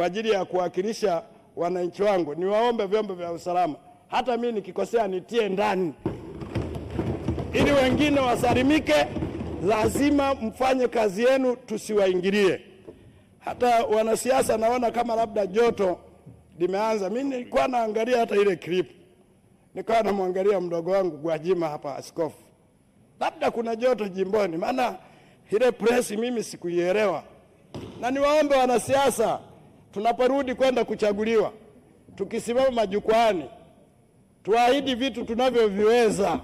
kwa ajili ya kuwakilisha wananchi wangu. Niwaombe vyombo vya usalama, hata mimi nikikosea nitie ndani ili wengine wasalimike. Lazima mfanye kazi yenu, tusiwaingilie. Hata wanasiasa naona kama labda joto limeanza. Mimi nilikuwa naangalia hata ile clip, nikawa namwangalia mdogo wangu Gwajima hapa, askofu, labda kuna joto jimboni, maana ile press mimi sikuielewa. Na niwaombe wanasiasa tunaporudi kwenda kuchaguliwa, tukisimama majukwani, tuahidi vitu tunavyoviweza.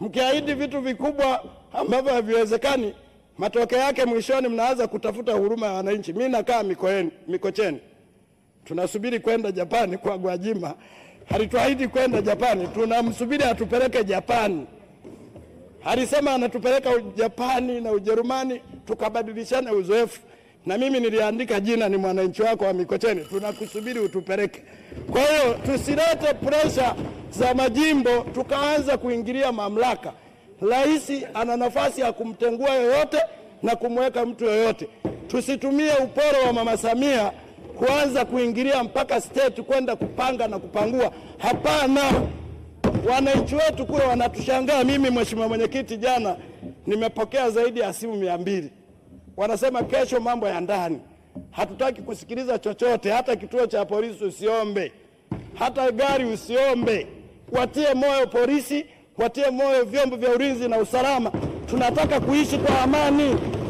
Mkiahidi vitu vikubwa ambavyo haviwezekani, matokeo yake mwishoni mnaanza kutafuta huruma ya wananchi. Mimi nakaa Mikocheni, Mikocheni tunasubiri kwenda Japani kwa Gwajima, alituahidi kwenda Japani, tunamsubiri atupeleke Japani. Alisema anatupeleka Japani na Ujerumani tukabadilishana uzoefu na mimi niliandika jina, ni mwananchi wako wa Mikocheni, tunakusubiri utupeleke. Kwa hiyo tusilete presha za majimbo tukaanza kuingilia mamlaka. Rais ana nafasi ya kumtengua yoyote na kumweka mtu yoyote. Tusitumie uporo wa Mama Samia kuanza kuingilia mpaka state kwenda kupanga na kupangua. Hapana, wananchi wetu kule wanatushangaa. Mimi mheshimiwa mwenyekiti, jana nimepokea zaidi ya simu mia mbili wanasema kesho mambo ya ndani. Hatutaki kusikiliza chochote, hata kituo cha polisi usiombe, hata gari usiombe. Watie moyo polisi, watie moyo vyombo vya ulinzi na usalama. Tunataka kuishi kwa amani.